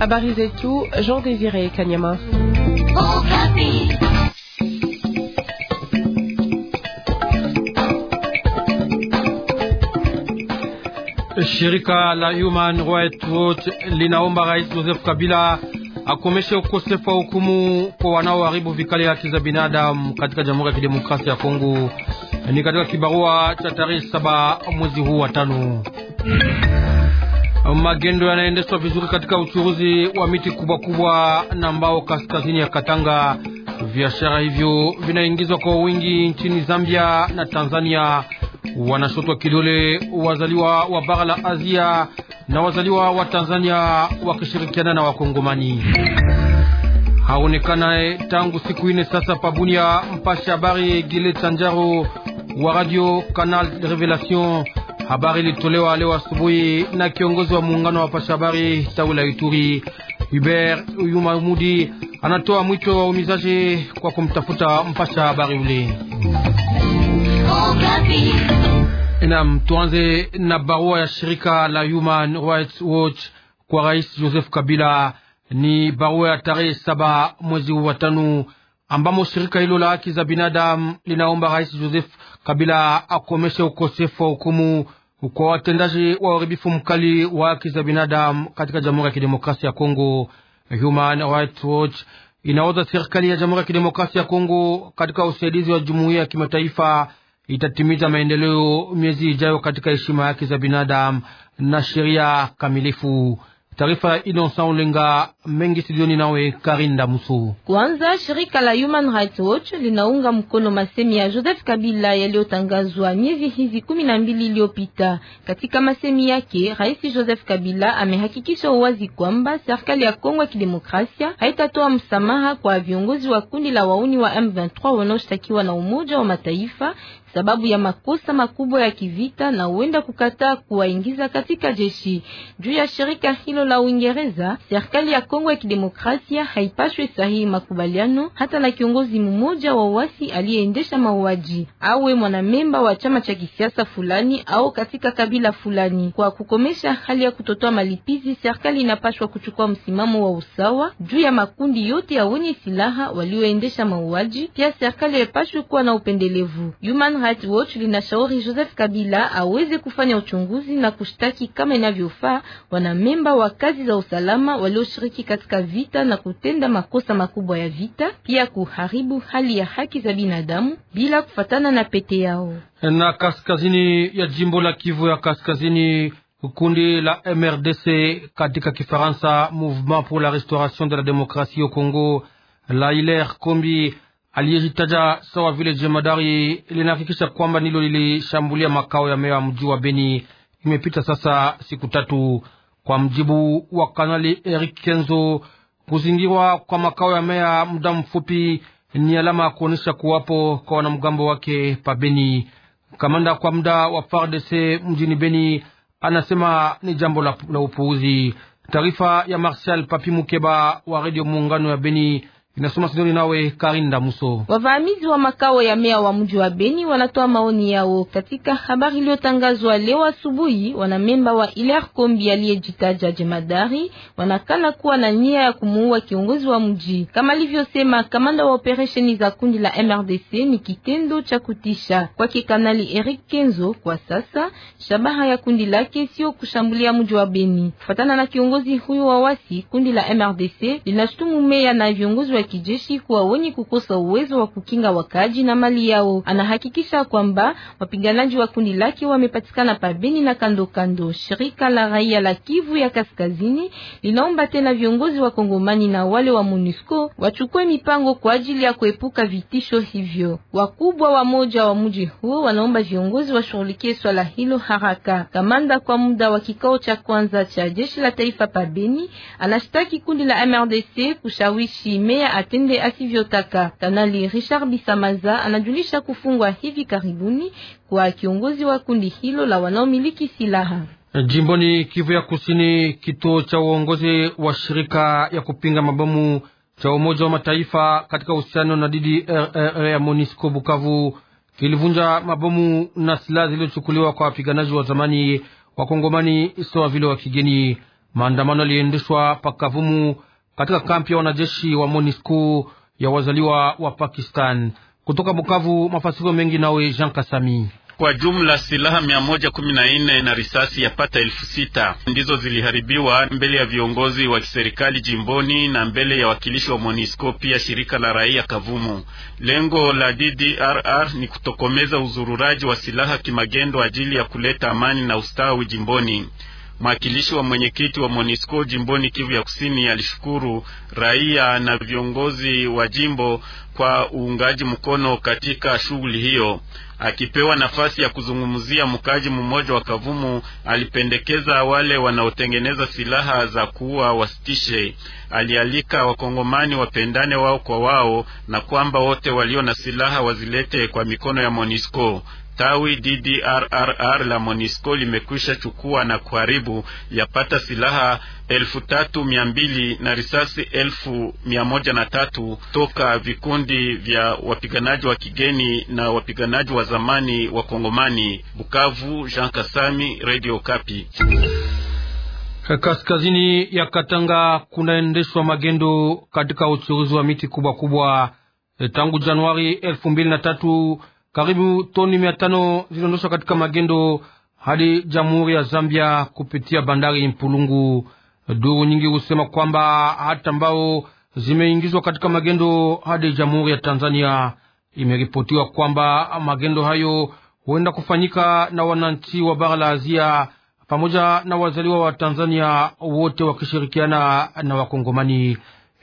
Habari zetu Jean Désiré Kanyama. Shirika la Human Rights Watch linaomba Rais Joseph Kabila akomeshe ukosefu wa hukumu kwa wanaoharibu vikali haki za binadamu katika Jamhuri ya Kidemokrasia ya Kongo. Ni katika kibarua cha tarehe saba mwezi huu wa tano. Magendo yanaendeshwa vizuri katika uchuruzi wa miti kubwa kubwa na mbao kaskazini ya Katanga. Biashara hivyo vinaingizwa kwa wingi nchini Zambia na Tanzania. Wanashotwa kidole wazaliwa wa bara la Asia na wazaliwa wa Tanzania wakishirikiana na Wakongomani. Haonekanaye tangu siku ine sasa Pabunia, mpasha habari Gile Sanjaro wa Radio Canal Revelation Habari ilitolewa leo asubuhi na kiongozi wa muungano wa pasha tawi la Ituri Hubert Uyumamudi anatoa mwito wa umizaji kwa kumtafuta mpasha habari yule. Naam, tuanze na barua ya shirika la Human Rights Watch kwa Rais Joseph Kabila. Ni barua ya tarehe saba mwezi wa tano ambamo shirika hilo la haki za binadamu linaomba Rais Joseph kabila akomeshe ukosefu wa hukumu kwa watendaji wa uharibifu mkali wa haki za binadamu katika Jamhuri ya Kidemokrasia ya Kongo. Human Rights Watch inaoza serikali ya Jamhuri ya Kidemokrasia ya Kongo katika usaidizi wa jumuiya ya kimataifa itatimiza maendeleo miezi ijayo katika heshima ya haki za binadamu na sheria kamilifu. Taarifa ya Innocent Ulenga mengi studioni nawe Karinda Musu. Kwanza, shirika la Human Rights Watch linaunga mkono masemi ya Joseph Kabila yaliyotangazwa miezi hizi kumi na mbili iliyopita. Katika masemi yake, Rais Joseph Kabila amehakikisha uwazi kwamba serikali ya Kongo ya Kidemokrasia haitatoa msamaha kwa viongozi wa kundi la wauni wa M23 wanaoshtakiwa na Umoja wa Mataifa sababu ya makosa makubwa ya kivita na huenda kukataa kuwaingiza katika jeshi. Juu ya shirika hilo la Uingereza, serikali ya Kongo Kongo ya Kidemokrasia haipashwe sahihi makubaliano hata na kiongozi mmoja wa uasi aliyeendesha mauaji, awe mwanamemba wa chama cha kisiasa fulani au katika kabila fulani. Kwa kukomesha hali ya kutotoa malipizi, serikali inapashwa kuchukua msimamo wa usawa juu ya makundi yote ya wenye silaha walioendesha mauaji. Pia serikali haipashwi kuwa na upendelevu. Human Rights Watch linashauri Joseph Kabila aweze kufanya uchunguzi na kushtaki kama inavyofaa wanamemba wa kazi za usalama walioshiriki katika vita na kutenda makosa makubwa ya vita, pia kuharibu hali ya haki za binadamu bila kufatana na pete yao. Na kaskazini ya jimbo la Kivu ya kaskazini kundi la MRDC katika Kifaransa, Mouvement pour la Restauration de la Démocratie au Congo, la Hilaire Kombi aliyejitaja sawa vile jemadari, linahakikisha kwamba nilo lilishambulia makao ya meya mji wa Beni. Imepita sasa siku tatu kwa mjibu wa Kanali Eric Kenzo. Kuzingirwa kwa makao ya meya muda mfupi ni alama ya kuonyesha kuwapo kwa wanamgambo wake pabeni Kamanda kwa muda wa FARDC mjini Beni anasema ni jambo la, la upuuzi. Taarifa ya Marshal Papi Mukeba wa redio muungano ya Beni Inasoma sinyori nawe Karinda Muso. Wavamizi wa makao ya mea wa mji wa Beni wanatoa maoni yao katika habari iliyotangazwa leo asubuhi. Wanamemba wa Iler Kombi aliyejitaja jemadari wanakana kuwa na nia ya kumuua kiongozi wa mji, kama alivyosema kamanda wa operesheni za kundi la MRDC. Ni kitendo cha kutisha kwake Kanali Eric Kenzo. Kwa sasa shabaha ya kundi lake sio kushambulia mji wa Beni. Kufatana na kiongozi huyo wa wasi, kundi la MRDC linashutumu mea na viongozi wa kijeshi kuwa wenye kukosa uwezo wa kukinga wakaji na mali yao. Anahakikisha kwamba wapiganaji wa kundi lake wamepatikana pabeni na kando kando. Shirika la raia la Kivu ya Kaskazini linaomba tena viongozi wa Kongomani na wale wa MONUSCO wachukue mipango kwa ajili ya kuepuka vitisho hivyo. Wakubwa wa moja wa mji huo wanaomba viongozi washughulikie swala hilo haraka. Kamanda kwa muda wa kikao cha kwanza cha jeshi la taifa pabeni anashtaki kundi la MRDC kushawishi meya atende asivyotaka. Kanali Richard Bisamaza anajulisha kufungwa hivi karibuni kwa kiongozi wa kundi hilo la wanaomiliki silaha. Jimboni Kivu ya Kusini, kituo cha uongozi wa shirika ya kupinga mabomu cha Umoja wa Mataifa katika uhusiano na DDRR ya MONUSCO Bukavu kilivunja mabomu na silaha zilizochukuliwa kwa wapiganaji wa zamani wa Kongomani sawa vile wa kigeni. Maandamano yaliendeshwa pakavumu katika kampi ya wanajeshi wa MONUSCO ya wazaliwa wa Pakistan. Kutoka Bukavu, mafasiko mengi nawe Jean Kasami. Kwa jumla silaha mia moja kumi na nne na risasi ya pata elfu sita ndizo ziliharibiwa mbele ya viongozi wa kiserikali jimboni na mbele ya wakilishi wa MONUSCO pia shirika la raia Kavumu. Lengo la DDRR ni kutokomeza uzururaji wa silaha kimagendo ajili ya kuleta amani na ustawi jimboni. Mwakilishi wa mwenyekiti wa MONUSCO jimboni Kivu ya Kusini alishukuru raia na viongozi wa jimbo kwa uungaji mkono katika shughuli hiyo. Akipewa nafasi ya kuzungumzia, mkaji mmoja wa Kavumu alipendekeza wale wanaotengeneza silaha za kuua wasitishe. Alialika wakongomani wapendane wao kwa wao na kwamba wote walio na silaha wazilete kwa mikono ya MONUSCO. Tawi DDRRR la Monisco limekwisha chukua na kuharibu yapata silaha elfu tatu mia mbili na risasi elfu mia moja na tatu toka vikundi vya wapiganaji wa kigeni na wapiganaji wa zamani wa Kongomani. Bukavu, Jean Kasami, Radio Kapi. Kaskazini ya Katanga kunaendeshwa magendo katika uchuruzi wa miti kubwa kubwa tangu Januari elfu mbili na tatu karibu toni mia tano ziliondoshwa katika magendo hadi jamhuri ya Zambia kupitia bandari Mpulungu. Duru nyingi husema kwamba hata mbao zimeingizwa katika magendo hadi jamhuri ya Tanzania. Imeripotiwa kwamba magendo hayo huenda kufanyika na wananchi wa bara la Azia pamoja na wazaliwa wa Tanzania wote wakishirikiana na Wakongomani.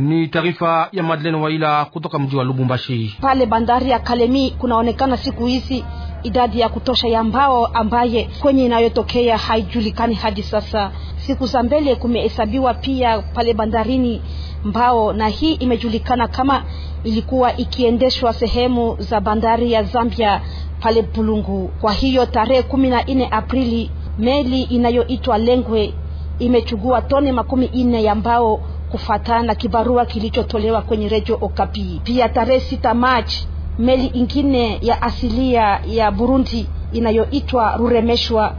Ni taarifa ya Madeleine Waila kutoka mji wa Lubumbashi. Pale bandari ya Kalemi kunaonekana siku hizi idadi ya kutosha ya mbao ambaye kwenye inayotokea haijulikani hadi sasa. Siku za mbele kumehesabiwa pia pale bandarini mbao, na hii imejulikana kama ilikuwa ikiendeshwa sehemu za bandari ya Zambia pale Bulungu. Kwa hiyo tarehe kumi na nne Aprili meli inayoitwa Lengwe imechugua tone makumi nne ya mbao kufatana na kibarua kilichotolewa kwenye redio Okapi. Pia tarehe sita Machi, meli ingine ya asilia ya Burundi inayoitwa Ruremeshwa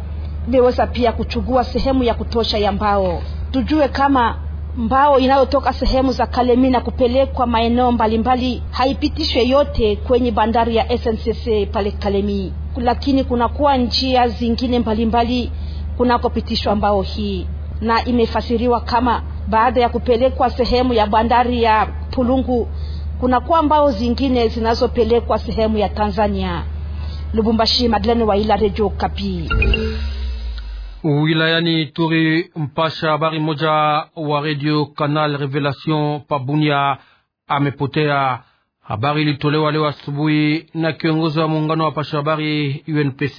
imeweza pia kuchugua sehemu ya kutosha ya mbao. Tujue kama mbao inayotoka sehemu za Kalemi na kupelekwa maeneo mbalimbali haipitishwe yote kwenye bandari ya SNCC pale Kalemi, lakini kunakuwa njia zingine mbalimbali kunakopitishwa mbao hii, na imefasiriwa kama baada ya kupelekwa sehemu ya bandari ya Pulungu. kuna kwa mbao zingine zinazopelekwa sehemu ya Tanzania. Lubumbashi, wa Waila, Radio Kapi. Wilayani Turi, mpasha habari moja wa Radio Canal Revelation Pabunia amepotea. Habari ilitolewa leo asubuhi na kiongozi wa muungano wa pasha habari UNPC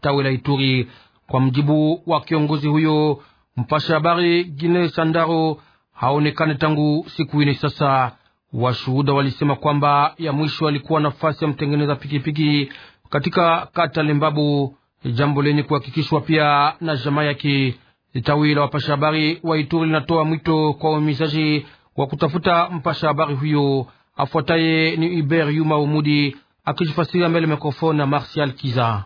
tawela Ituri. Kwa mjibu wa kiongozi huyo Mpasha habari Gine Sandaro haonekane tangu siku ine sasa. Washuhuda walisema kwamba ya mwisho alikuwa nafasi ya mtengeneza pikipiki katika kata Lembabu, jambo lenye kuhakikishwa pia na jamaa yake. Tawi la wapasha habari wa Ituri linatoa mwito kwa wamizaji wa kutafuta mpasha habari huyo. Afuataye ni Iber Yuma Umudi akijifasiria mbele mikrofoni na Martial Kiza.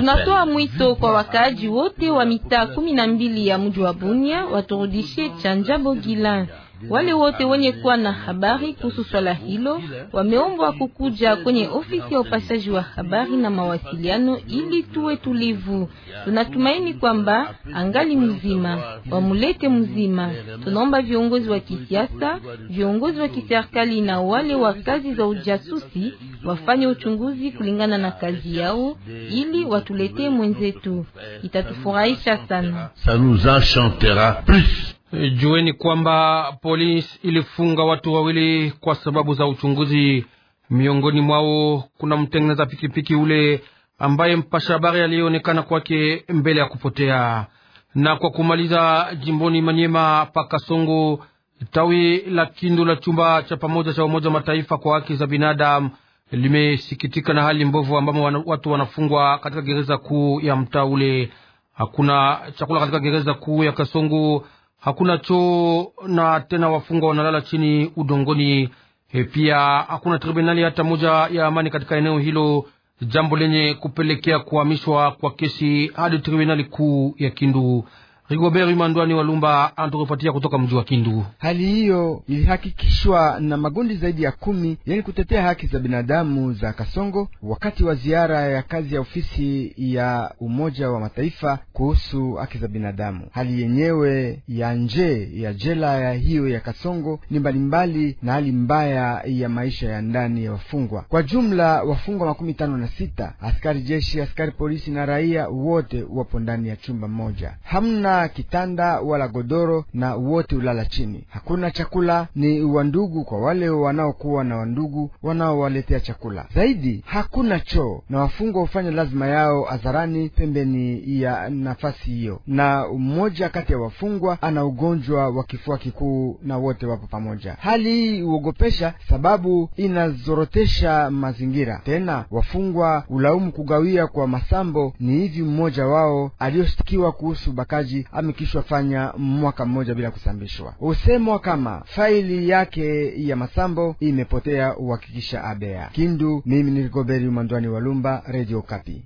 Tunatoa mwito kwa wakaaji wote wa mitaa kumi na mbili ya mji wa Bunia waturudishe chanja Bogila wale wote wenye kuwa na habari kuhusu swala hilo wameombwa kukuja kwenye ofisi ya upashaji wa habari na mawasiliano ili tuwe tulivu. Tunatumaini kwamba angali mzima, wamulete mzima. Tunaomba viongozi wa kisiasa, viongozi wa kiserikali na wale wa kazi za ujasusi wafanye uchunguzi kulingana na kazi yao ili watuletee mwenzetu. Itatufurahisha sana. Ça nous enchantera plus. Jueni kwamba polisi ilifunga watu wawili kwa sababu za uchunguzi. Miongoni mwao kuna mtengeneza pikipiki ule ambaye mpasha habari aliyeonekana kwake mbele ya kupotea. Na kwa kumaliza, jimboni Manyema Pakasongo, tawi la Kindu la chumba cha pamoja cha Umoja wa Mataifa kwa haki za binadamu limesikitika na hali mbovu ambamo watu wanafungwa katika gereza kuu ya mtaa ule. Hakuna chakula katika gereza kuu ya Kasongo hakuna choo na tena wafungwa wanalala chini udongoni. E, pia hakuna tribunali hata moja ya amani katika eneo hilo, jambo lenye kupelekea kuhamishwa kwa kesi hadi tribunali kuu ya Kindu. Rigobert Imandwani lumba anatukupatia kutoka mji wa Kindu. Hali hiyo ilihakikishwa na magundi zaidi ya kumi yani kutetea haki za binadamu za Kasongo wakati wa ziara ya kazi ya ofisi ya Umoja wa Mataifa kuhusu haki za binadamu. Hali yenyewe ya nje ya jela ya hiyo ya Kasongo ni mbalimbali na hali mbaya ya maisha ya ndani ya wafungwa. Kwa jumla wafungwa makumi tano na sita askari jeshi, askari polisi na raia wote wapo ndani ya chumba moja. Hamna hakuna kitanda wala godoro, na wote ulala chini. Hakuna chakula, ni wandugu kwa wale wanaokuwa na wandugu wanaowaletea chakula. Zaidi hakuna choo, na wafungwa hufanya lazima yao hadharani pembeni ya nafasi hiyo, na mmoja kati ya wafungwa ana ugonjwa wa kifua kikuu, na wote wapo pamoja. Hali hii huogopesha, sababu inazorotesha mazingira. Tena wafungwa ulaumu kugawia kwa masambo. Ni hivi mmoja wao aliyoshtakiwa kuhusu ubakaji amekishwa fanya mwaka mmoja bila kusambishwa. Husemwa kama faili yake ya masambo imepotea, uhakikisha abea Kindu. Mimi ni Rigoberi Umandwani wa Lumba, Radio Kapi.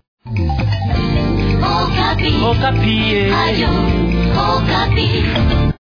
Okapi. Okapi. Eh. Ayo, Okapi.